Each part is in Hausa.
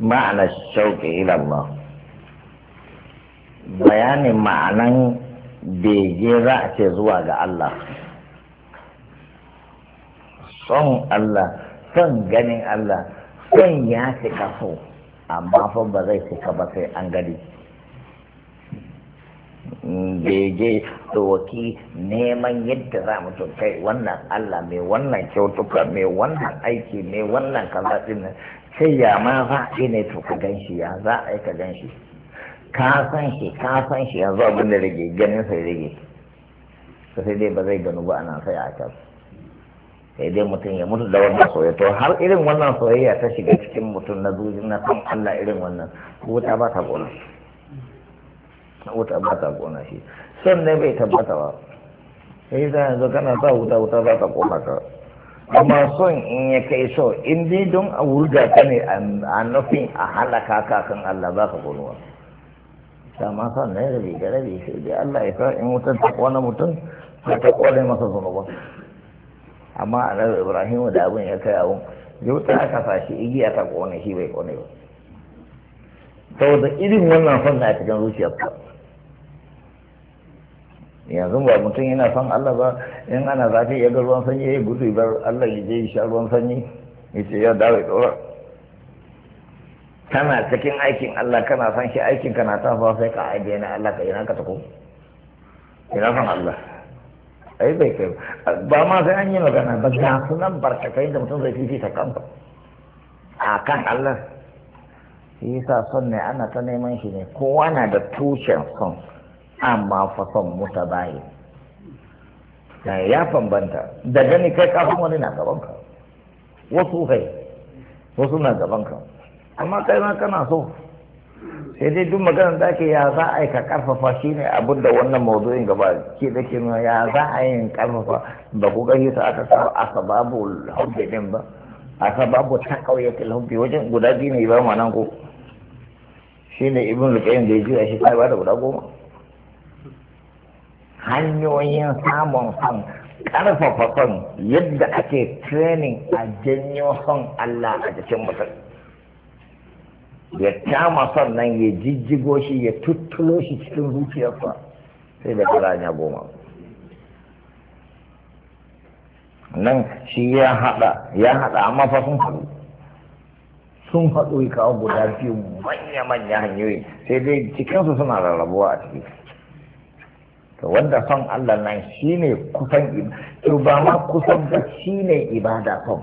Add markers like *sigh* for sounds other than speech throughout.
ma'ana shauƙi ilallah bayanin ma'anan bege za a ce zuwa ga Allah son Allah son ganin Allah son ya fi so amma fa ba zai cika ba sai an gani bege doki, neman yadda za mu to kai wannan Allah mai wannan kyautuka mai wannan aiki mai wannan kaza din sai ya ma za a ne to ka gan shi ya za a yi ka gan shi ka san shi ka san shi yanzu abin da rage ganin sai rage Ka sai dai ba zai gano ba ana sai a can sai dai mutum ya mutu da wannan soyayya to har irin wannan soyayya ta shiga cikin mutum na zuci na san Allah irin wannan ko ta ba ta gona wuta ba ta kona shi son ne bai tabbata ba sai za yanzu kana sa wuta wuta za ta kona ka amma son in ya kai so in dai don a wurga ka ne a nufin a halaka kakan Allah ba ka konuwa dama sa ne rabi da rabi sai dai Allah ya sa in wutar ta kona mutum sai ta kone masa zunuba amma a nan Ibrahim da abin ya kai abin yau ta aka fashi igiya ta kone shi bai kone ba saboda irin wannan son na cikin zuciyarka yanzu ba mutum yana son Allah ba in ana zafi ya ga ruwan sanyi ya gudu bar Allah ya je sha ruwan sanyi ya ce ya dawo ya dora kana cikin aikin Allah kana son shi aikin kana ta fa sai ka aibe na Allah ka yana ka tako ina son Allah ai bai kai ba ma sai an yi magana ba ga sunan barkatai da mutum zai fifita kanka a kan Allah shi yasa son ne ana ta neman shi ne kowa na da tushen son amma fason mutabahi ya bambanta da gani kai kafin wani na gaban ka wasu kai wasu na gaban ka amma kai ma kana so sai dai duk magana da ake ya za a yi ka karfafa shi ne abin da wannan mawuzoyin gaba ke da ke ya za a yi karfafa ba ku gani sa aka kawo sababu hubbi din ba sababu ta kauyatul hubbi wajen guda biyu ne ba ma nan ko shine ibn luqayyim da ya ji a shi ba da guda goma hanyoyin samun son ƙarfafa son yadda ake training a janyo son Allah a jikin mutum ya kama son nan ya jijjigo shi ya tuttulo shi cikin zuciyarsa sai da rana goma nan shi ya haɗa ya haɗa amma fa sun haɗu sun haɗu kawo guda biyu manya-manya hanyoyi sai dai cikinsu suna rarrabuwa a ciki to wanda son Allah nan shine kusan to ba ma kusan ba shine ibada son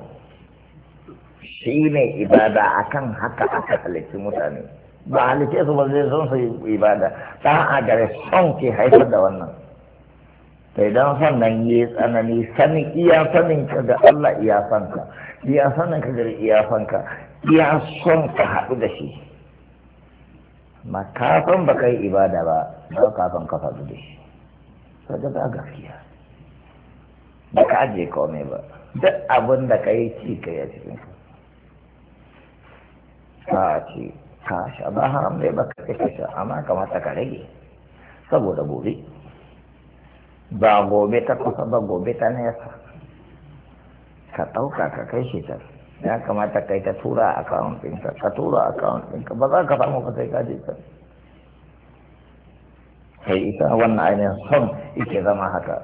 shine ibada akan haka aka halitta mutane ba halitta su ba zai son su ibada ta a gare son ke haifar da wannan Sai don son nan yi tsanani sani iya sanin ka da Allah iya son ka iya sanin ka da iya son ka iya son ka haɗu da shi makafan ba kai ibada ba ba kafin ka faɗu da shi kaga ba gaskiya ba ka ajiye komai ba duk abin da ka yi ci ka yi cikin ka ce ka sha ba haram ne ba ka kashe sha amma kamata ka rage saboda gobe ba gobe ta kusa ba gobe ta nesa ka ɗauka ka kai shi ta ya kamata kai ta tura kawon ɗinka ka tura kawon ɗinka ba za ka samu ka sai ka je ta kai ita wannan ainihin son ike zama haka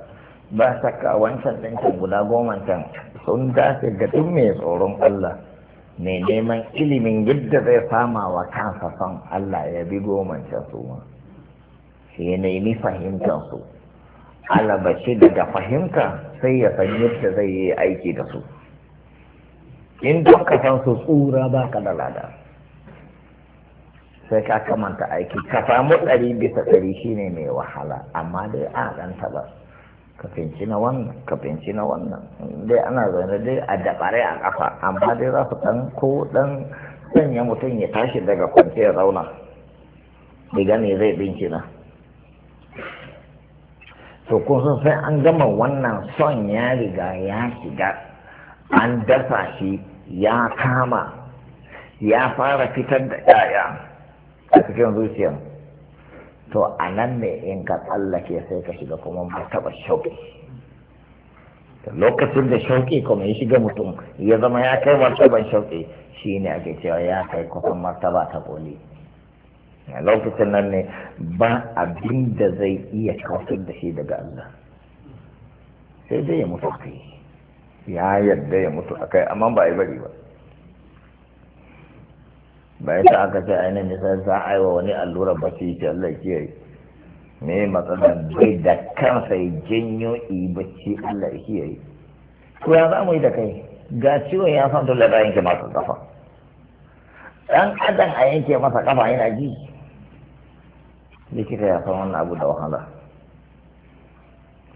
ba shakka wancan ɗinkin guda goma can sun dace ga duk mai tsoron Allah mai neman ilimin yadda zai fama wa kansa son Allah ya bi goman can su ma shi ne ni fahimtar su alabashi daga fahimta sai ya san yadda zai yi aiki da su in don ka san su tsura ba ka da lada sai ka kamanta aiki ka samu ɗari bisa ɗari shine mai wahala amma dai a ɗan taɓa ka finci na wannan ka finci na wannan dai ana zaune dai a dabare a ƙafa amma dai za su ɗan ko ɗan sanya mutum ya tashi daga ya zauna diga ne zai na to kun san sai an gama wannan son ya riga ya shiga an dasa shi ya kama ya fara fitar da 'ya'ya a cikin zuciya to a nan ne in ka tsallake sai ka shiga kuma martaba shauƙi lokacin da shauƙi kuma ya shiga mutum ya zama ya kai martaban shauƙi shi ne ake cewa ya kai kusan martaba ta koli a lokacin nan ne ba abin da zai iya kautar da shi daga Allah sai dai ya mutu kai ya yarda ya mutu a kai amma ba a yi bari ba bai sa aka ce ainihin nisan sa aiwa wani allurar bacci ce Allah kiyaye me matsalar bai da kansa ya janyo i bacci ya kiyaye to ya za mu yi da kai ga ciwon ya san dole da yanke masa kafa dan adam a yanke masa kafa yana ji likita ya san wannan abu da wahala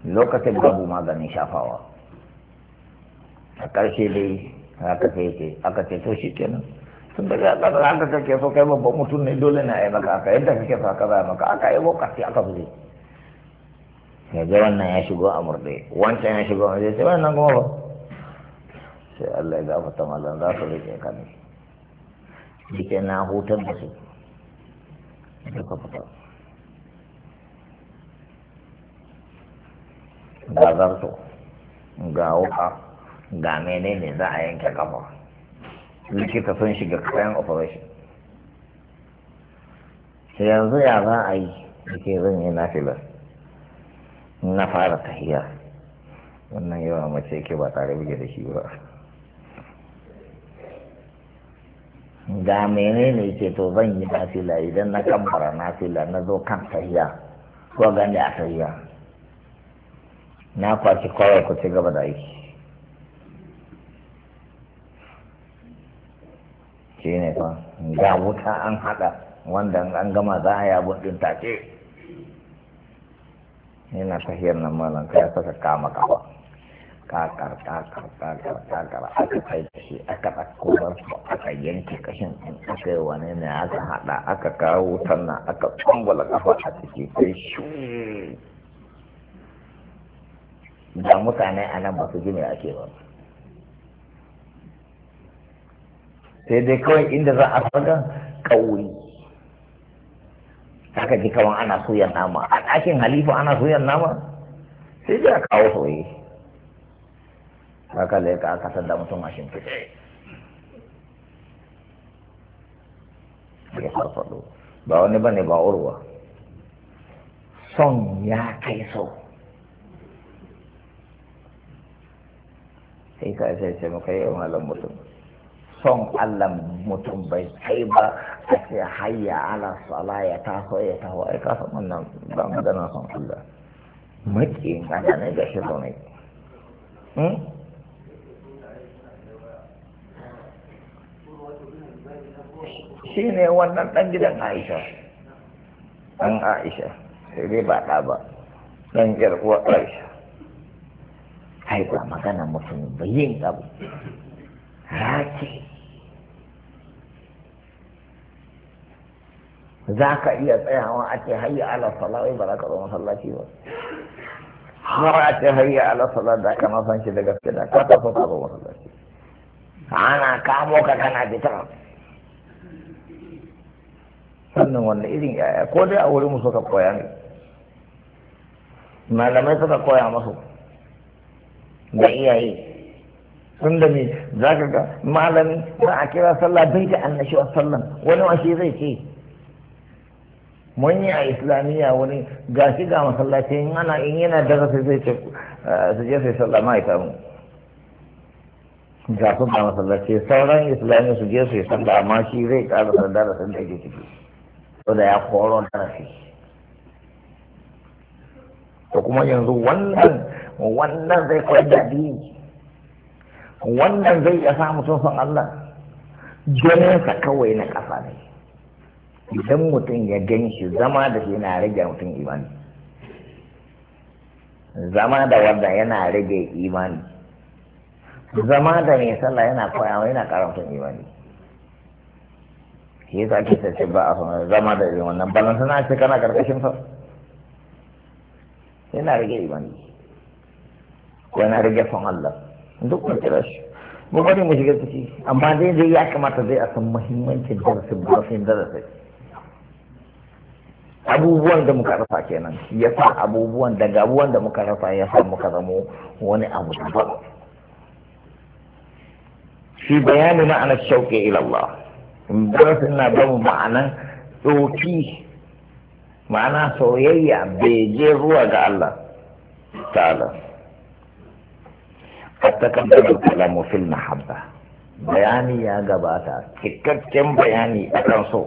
lokacin babu maganin shafawa a ƙarshe dai aka ce to shi kenan tun daga ƙasar haka kake so kai babban mutum ne dole na yi maka aka yadda kake so aka zai maka aka yi bokasi aka zuje ya ga wannan ya shigo a murɗe wancan ya shigo a murɗe sai wannan kuma ba sai Allah ya gafata mallan za su rike ka ne dike na hutar da su duka fita ga zarto ga wuka ga menene za a yanke kafa likita sun shiga kayan operation sai yanzu ya za a yi ke zan yi filar na fara tahiya wannan yawa mace ke ba tare buge da shi ba ga menene ke to zan yi fila idan na kammara nafila na zo kan tahiya ko gani a tahiya na kwaci kawai ku ci gaba da aiki shi ne fa ga wuta an haɗa wanda an gama za a yabo ɗin take yana tahiyar nan malam kai saka kama kafa kakar kakar kakar kakar aka kai shi aka ɗauko barko aka yanke kashin ɗin aka yi wani ne aka haɗa aka kawo wutar nan aka tsangwala kafa a ciki sai shi da mutane a nan ba su gini me ake ba sai dai kawai inda za a faga kauri haka ji kawan ana soyan nama a ɗakin halifa ana soyan nama sai dai a kawo soye haka da aka sanda da mutum mashin fice ya farfado ba wani bane ba urwa son ya kai so sai ka sai sai muka yi malam mutum son Allah mutum bai kai ba a ce hayya ala sala ya taso ya taho ai ka san wannan ba magana son Allah maƙiyin Allah ne ga shi zaune hmm? shi ne wannan ɗan gidan Aisha ɗan Aisha sai dai ba ɗa ba ɗan ƙirƙuwar Aisha ai ba magana mutum bai yin abu raki za ka iya tsayawa a ce hayya ala wai ba za ka zo masallaci ba har a ce hayya ala sala da ka masan shi da gaske da ka tafi ka zo masallaci ana kamo ka kana fitar sannan wanda irin yaya ko dai a wurin mu suka koya ne malamai suka koya masu da iyaye sun da me za ka ga malami za a kira sallah bai da annashuwar sallan wani washe zai ce mun yi a islamiyya wani shi ga masallaci in ana in yana daga sai zai ce ah, su je sai sallah ita mu ga su ga masallaci sauran islamiyya su je su yi sallah amma shi zai ƙara sanda da sanda ke ciki so da ya koro darasi to kuma yanzu wannan wannan zai koyar da addini wannan zai iya sa mutum son Allah ganin sa kawai na kafa ne idan mutum ya gan shi zama da shi yana rage mutum imani zama da wanda yana rage imani zama da mai sallah yana koyawa yana ƙara mutum imani shi yasa ake sace ba a sanar zama da irin wannan balan suna ce kana karkashin sa yana rage imani yana rage son Allah duk mun kira shi mu bari mu shiga ciki amma dai dai ya kamata dai a san muhimmancin darasin darasin darasin abubuwan da muka rasa kenan ya sa abubuwan daga gabuwan da muka rasa ya sa muka zamo wani abu ba shi bayani ma'ana shauƙe ilallah darasin na ba mu ma'anan tsoki ma'ana soyayya beje ruwa ga Allah ta'ala attakaddar kalamu fil mahabba bayani ya gabata cikakken bayani akan so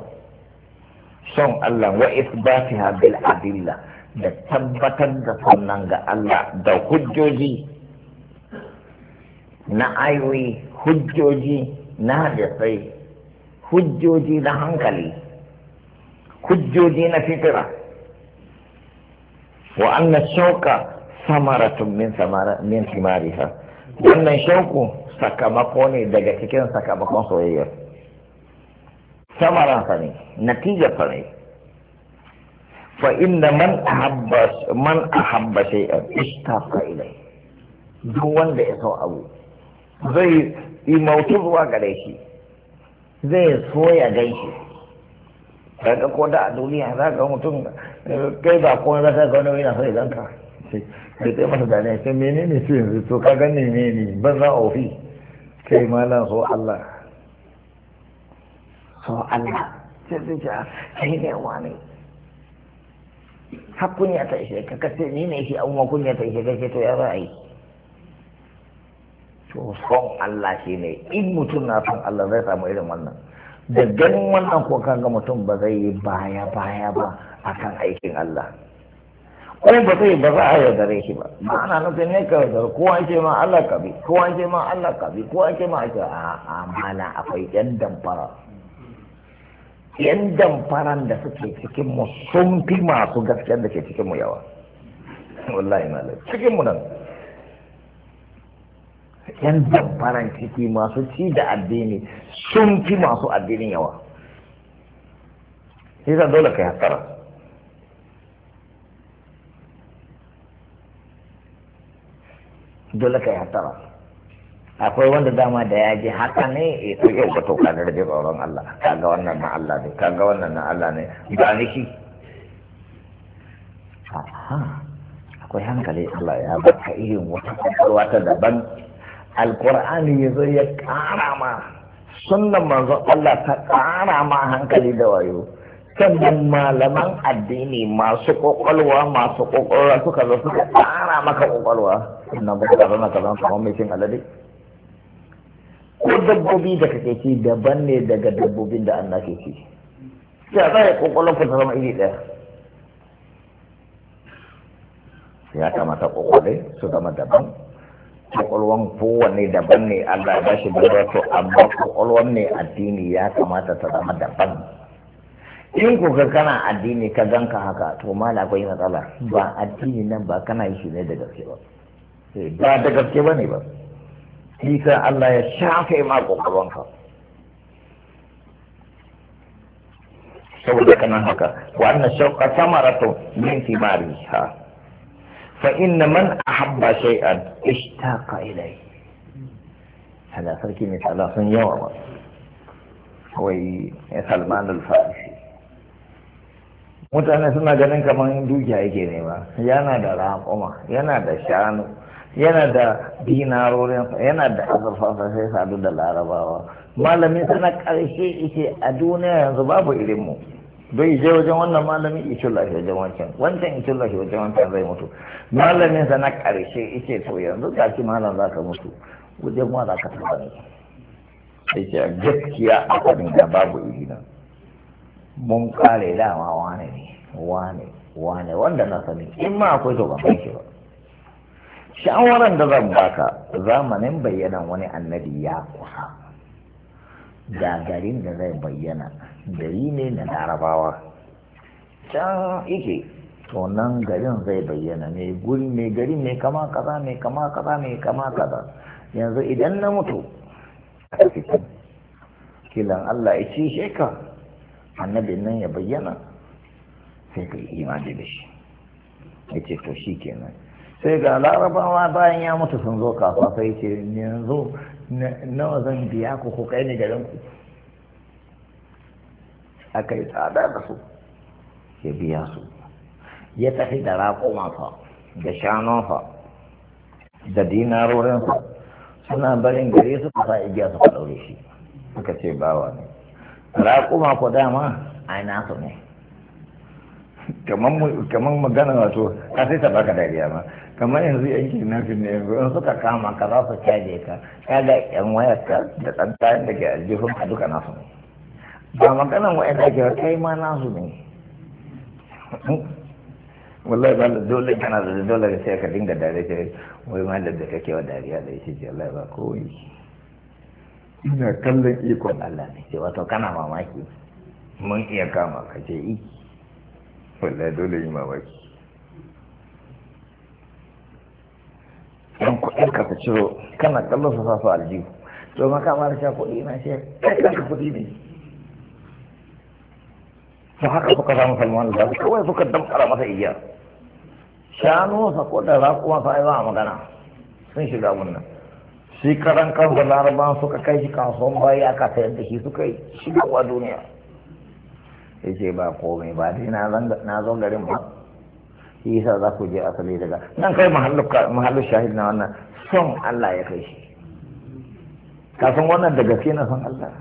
son Allah wa isbatiha bil adilla da tabbatar da sannan ga Allah da hujjoji na ayoyi hujjoji na hadisai hujjoji na hankali hujjoji na fitira wa anna shauka samaratun min samara min wannan shauku sakamako ne daga cikin sakamakon soyayya samaransa ne natijarsa ne fa inda man ahabba man ahabba shay'an ishtaqa ilai duk wanda ya so abu zai yi mautu zuwa gare shi zai so ya gan shi daga ko da a duniya za ga mutum kai ba ko za ka ga wani yana Sai ya ka sai sai masa da ne sai menene sai yanzu to ka ne ne ban za ofi kai malan so Allah so Allah sai su ce sai ne wani har kunya ta ishe ka kace ni ne shi amma kunya ta ishe ka to ya ra'ayi to son Allah shi ne in mutum na son Allah zai samu irin wannan da ganin wannan ko ga mutum ba zai yi baya baya ba a kan aikin Allah kuma ba zai ba za a yaudare shi ba ma'ana nufin ne ka yaudare ko ce ma Allah ka bi kowa ce ma Allah ka bi kowa ce ma a ce a amana akwai yan damfara yan damfaran da suke cikin mu sun fi masu gaskiyar da ke cikin mu yawa wallahi malam cikin mu nan yan damfaran ciki masu ci da addini sun fi masu addinin yawa shi dole kai hattara dole kai hattara akwai wanda dama da ya ji haka ne e to yau ba to ka da tsoron Allah kaga wannan na Allah ne kaga wannan na Allah ne ba ni shi akwai hankali Allah ya baka irin wata kwakwalwa ta daban alkur'ani ya zo ya ƙara ma sunnan manzon Allah ta ƙara ma hankali da wayo sannan malaman addini masu ƙwaƙwalwa masu ƙwaƙwalwa suka zo suka ƙara maka ƙwaƙwalwa sannan ba ka zama ka zama kamar mai cin alade dabbobi da kake ci daban ne daga dabbobin da Allah ke ci ya za ya kokolon ka zama iri ɗaya ya kamata kokole su zama daban kokolwan kowanne daban ne Allah ba shi bada to amma kokolwan ne addini ya kamata ta zama daban in ko ga kana addini ka ganka haka to mala akwai matsala ba addini nan ba kana yi shi ne da gaske ba eh, ba da gaske ba ne ba shi Allah ya shafe ma kokarinka saboda kana haka wa anna shauqa samaratu min thimariha fa inna man ahabba shay'an ishtaqa ilayhi hada sarki ne Allah sun yawa ba ya Salman al-Farisi mutane suna ganin kamar dukiya yake nema yana da raƙuma yana da shanu yana da dinarorinsa yana da sa sai sadu da larabawa malamin sana ƙarshe ike a duniya yanzu babu mu bai je wajen wannan malamin ice lafi wajen wancan wancan ice lafi wajen wancan zai mutu malamin sana ƙarshe ike to yanzu ga ki malam za ka mutu wajen wa za ka taɓa ne ike gaskiya a kanin da babu nan mun kare dama wane ne wane wane wanda na sani in ma akwai to ban kai ba shawaran da zan baka zamanin bayyana wani annabi ya kusa da garin da zai bayyana gari ne na larabawa can ike to nan garin zai bayyana mai guri mai gari mai kama kaza mai kama kaza mai kama kaza yanzu idan na mutu kilan Allah ya ci sheka annabin nan ya bayyana sai ka imani da shi ya ce to shi kenan sai ga larabawa bayan ya mutu sun zo kasuwa sai ce yanzu nawa zan biya ku ku kai ni garin ku aka yi tsada da su ya biya su ya tafi da raƙuma da shanun da dinarorinsa suna barin gari su sa igiya su ɗaure shi suka ce bawa ne raƙuma ku dama a su ne kamar magana wato ka sai ta baka dariya ma kamar yanzu yan kidnapping ne yanzu in suka kama ka za su caje ka ga yan wayar ka da ɗan da ke aljihun ka duka nasu ne ba maganan wayar da ke kai ma nasu ne *laughs* wallahi ba dole kana da dole da sai ka dinga dare ce wai ma da kake wa dariya da shi? ce wallahi ba kowai ina kallon ikon Allah ne ce wato kana mamaki mun iya kama ka ce i wallahi dole yi mamaki ɗan ka ta ciro kana kallon su sasu aljihu to ma kama da sha kuɗi na shi ɗan ka kuɗi ne to haka suka samu salman da su kawai suka damfara masa iya shanu sa ko da raƙuwa sa aiwa a magana sun shiga wannan shi karan kansa Laraba suka kai shi kasuwan bayi aka sayar da shi suka yi wa duniya ya ce ba komai ba dai na zo garin ba shi yasa za ku je asali daga nan kai mahallu shahid na wannan son Allah ya kai shi kafin wannan da gaske na son Allah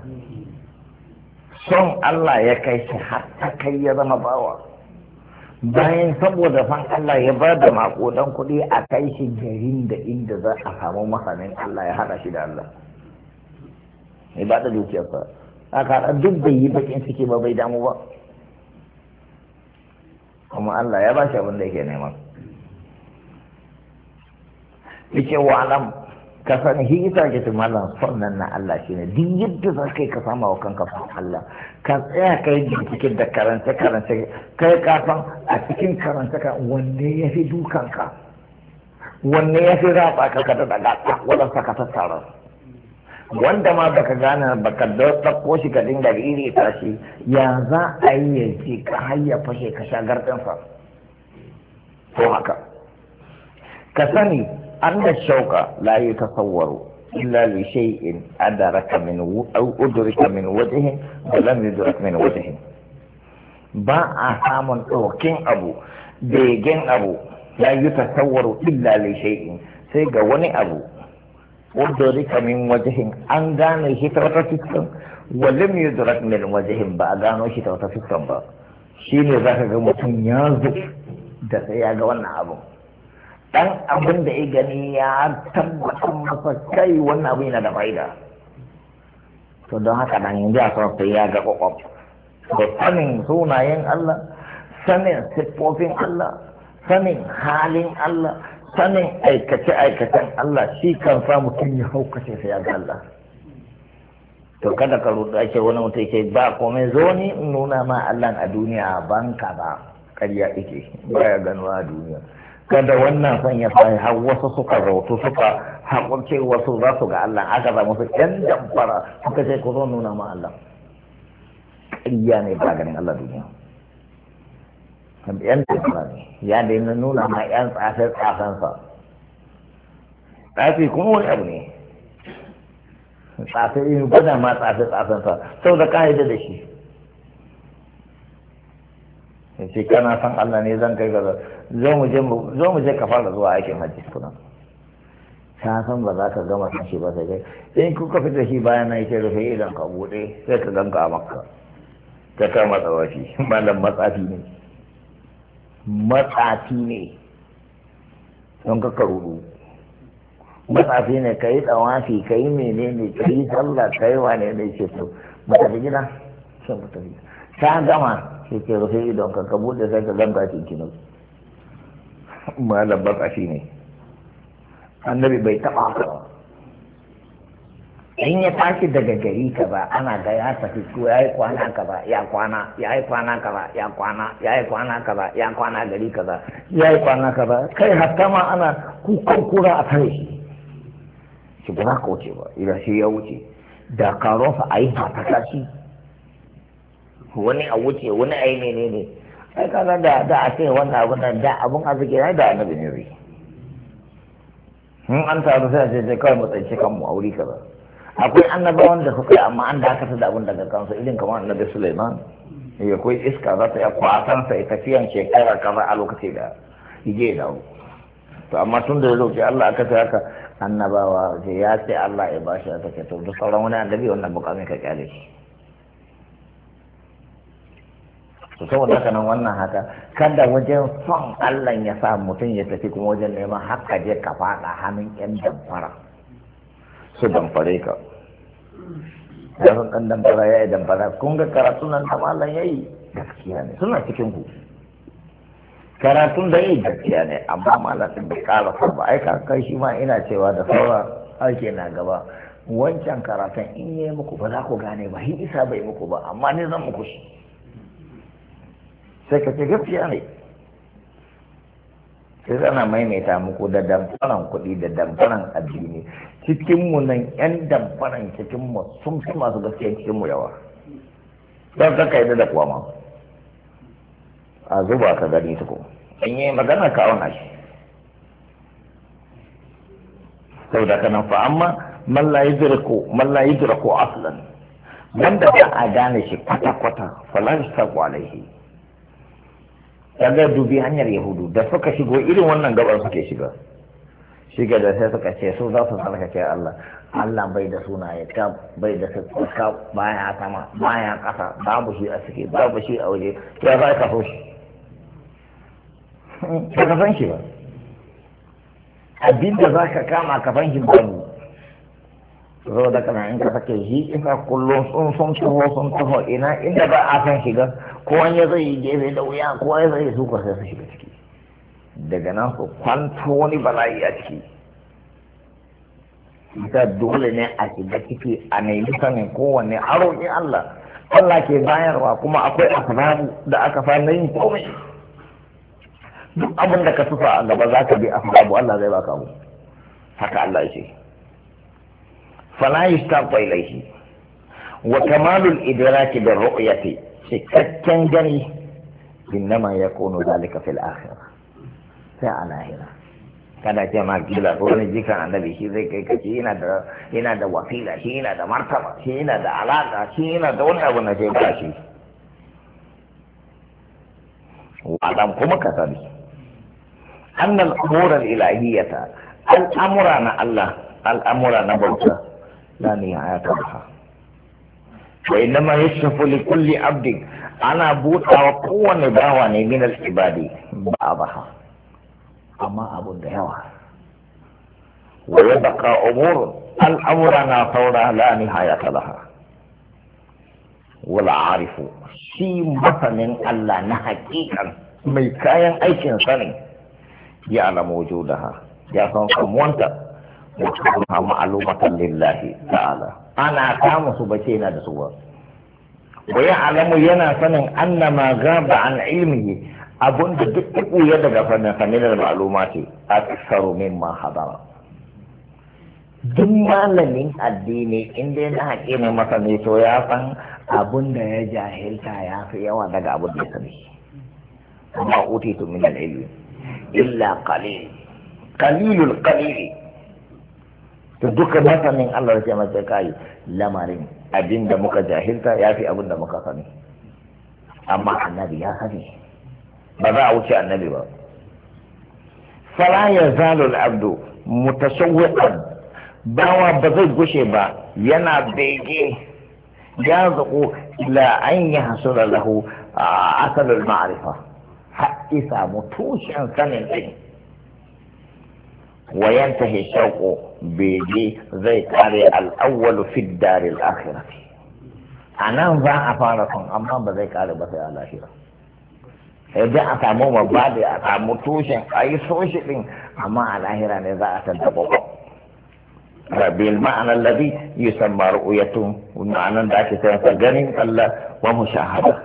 son Allah ya kai shi har ta kai ya zama bawa bayan saboda son Allah ya ba da makudan kuɗi a kai shi garin da inda za a samu masanin Allah ya haɗa shi da Allah ya ba da dukiyarsa aka duk bai yi bakin suke ba bai damu ba kuma Allah ya ba shi abin da yake neman yake alam ka sani shi ita ke tumalan sannan na Allah shi ne duk yadda za ka yi ka sama wa kanka fa Allah ka tsaya ka yi cikin da karance karance kai ka san a cikin karance ka wanne ya fi dukanka wanne ya fi rafa ka ka da daga wadda ka tattara wanda ma baka gane baka ɗauko shi ka dinga iri tashi ya za a yi ya ji ka hayya fashe ka sha gardansa ko haka ka sani an da shauka la yi sauwaro illa li shay'in adaraka min udrika min wajhin wa lam yudrak min ba a samun dokin abu begen abu la yi sauwaro illa li shay'in sai ga wani abu udurika min wajihin an gane shi ta wata fiskan walim durak min wajihin ba a gano shi ta wata fiskan ba shi ne za ka ga mutum ya zo da sai ya ga wannan abun dan abin da ya gani ya tabbatar masa kai wannan abu yana da fa'ida to don haka nan yanzu a san sai ya ga kwakwam da sanin sunayen Allah sanin siffofin Allah sanin halin Allah sanin aikace-aikacen Allah shi kan sa mutum ya haukace sai ya Allah to kada ka rudu ake wani mutum ce ba komai zo ni nuna ma Allah a duniya banka ba karya ike baya ganuwa a duniya kada wannan son ya sai har wasu suka rautu suka hakurce wasu za su ga Allah aka zama su ƴan damfara suka ce ku zo nuna ma Allah ƙarya ne ba ganin Allah duniya yan tattara ne ya daina nuna ma yan tsafe tsafensa tsafi kuma wani abu ne tsafe yin gwada ma tsafe tsafensa sau da ka'ida da shi ya ce kana san Allah ne zan kai gaza zo mu je ka fara zuwa aikin hajji kuna ta san ba za ka gama san shi ba sai kai in kuka fita shi bayan na yake rufe idan ka bude sai ka ganka a makka ta kama tsawafi malam matsafi ne matsafi ne don ka karu matsafi ne ka yi tsawafi ka yi menene ka yi sallah ka yi wane ne ce to mu tafi gida sai ta gama sai ke rufe idon ka ka bude sai ka ganga cikin malam matsafi ne annabi bai taba haka ba in ya tashi daga gari ka ba ana ga ya tafi ko ya yi kwana ka ba ya kwana ya yi kwana ka ba ya kwana ya yi kwana ka ba ya kwana gari ka ba ya yi kwana ka ba kai hatta ma ana kukan kura a tare shi shi ba ka wuce ba idan shi ya wuce da karo fa a yi ta shi wani a wuce wani a yi menene ai kaga da da a ce wannan abun da abun arziki ne da annabi ne in an taru sai a ce kawai mu tsaki kanmu a wuri kaza akwai annabawan da suka yi amma an dakata da abin daga kansu irin kamar annabi Suleiman ya eh, kai iska za ta yi kwasan sa tafiyan shekara kaza a lokaci da ije hu to amma tun da lokaci Allah aka sai haka annabawa ce ya ce Allah ya bashi aka ce to duk sauran wani annabi wannan bukami ka kyale shi to saboda haka nan wannan haka kada wajen son Allah ya sa mutum ya tafi kuma wajen neman haka je ka faɗa hannun yan damfara su damfare ka sun ɗan damfara ya yi damfara kun ga karatun nan ta malam ya yi gaskiya ne suna cikin ku karatun da ya yi gaskiya ne amma malam ɗin bai ƙara ba ai kai shi ma ina cewa da saura aiki na gaba wancan karatun in yi muku ba za ku gane ba hin isa bai muku ba amma ne zan muku shi sai ka ce gaskiya ne sai ana maimaita muku da damfaran kuɗi da damfaran addini cikinmu nan yan damfaran cikinmu sun fi masu gaskiya cikinmu yawa don ka kai da kuwa ma a zuba ka gani su ko an yi magana ka auna shi saboda kanan fa amma man la yudriku man la yudriku aslan wanda ba a gane shi kwata kwata falan ta alaihi kaga dubi hanyar yahudu da suka shigo irin wannan gabar suke shiga shiga da sai suka ce su za su ce Allah Allah bai da sunaye ka bai da ka baya sama baya kasa babu shi a suke babu shi a waje ya za ka so shi ba ka san shi ba abinda za ka kama ka san shi mu zo da kana in ka sake shi ina kullum sun sun taho sun taho ina inda ba a san shiga ko wani zai yi gefe da wuya ko wani zai yi ka sai su shiga ciki daga nan su kwanta wani bala'i a ciki ita dole ne a shiga ciki a nemi sanin kowanne a roƙi Allah Allah ke bayarwa kuma akwai asbabu da aka fara yin komai duk abin da ka tufa a gaba za ka bi asbabu Allah zai baka mu haka Allah ya ce fala yustafa ilaihi wa kamalul idraki bil ru'yati cikakken gani innama yakunu zalika fil akhirah sai a lahira kada ce ma gila ko wani jikan annabi shi zai kai kace yana da yana da wasila shi yana da martaba shi yana da alaka shi yana da wani abu na sai ba shi kuma ka sani annal umura ilahiyata al'amura na Allah al'amura na bauta لا نهاية لها وإنما يشفى لكل عبد أنا بوت وقوة باواني من العباد بعضها أما أبو دهوة ويبقى أمور الأمر ناصورة لا نهاية لها ولا عارف شي مثلا ألا نحقيقا ميكايا أي سني يعلم وجودها يا صنصم وانت وتكونها معلومة لله تعالى أنا أقام سبتين دسوا ويعلم ينا فنن أن ما غاب عن علمه أبن دقيق يدك فنن فمن duk malamin addini inda yana na ne masa ne to ya san abun da ya jahilta ya fi yawa daga abun da ya sani amma utitu min al-ilmi illa qalil qalilul qalili to duka masanin Allah ya mace kai lamarin abin da muka jahilta ya fi abin da muka sani amma annabi ya sani ba za a wuce annabi ba fala ya zalul abdu mutasawwiqan bawa ba zai gushe ba yana bege ya zaƙo ila an yi hasura lahu a asalin ma'arifa haƙi samu tushen sanin ɗin Wayanta ta shauƙo بيجي زي تاري الاول في الدار الاخره انا أنظر أفارقهم اما بزي كاري بس على هيرا اذا اتعمو مبادي اتعمو توشن اي سوشي لين اما على هيرا إذا اتدبو ربي المعنى الذي يسمى رؤيته والمعنى ذاك سيتجني الا ومشاهده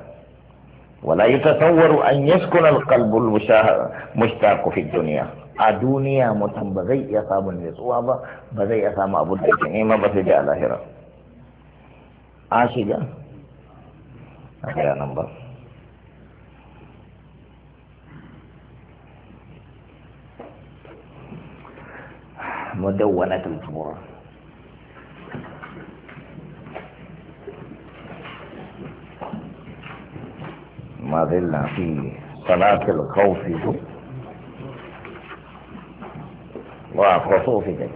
ولا يتصور ان يسكن القلب المشتاق في الدنيا a duniya mutum ba zai iya samun nutsuwa ba ba zai iya samun abin da yake nema ba sai da lahira a shiga a ba الجمهور ما ظل في الخوف 我啊，保守一点。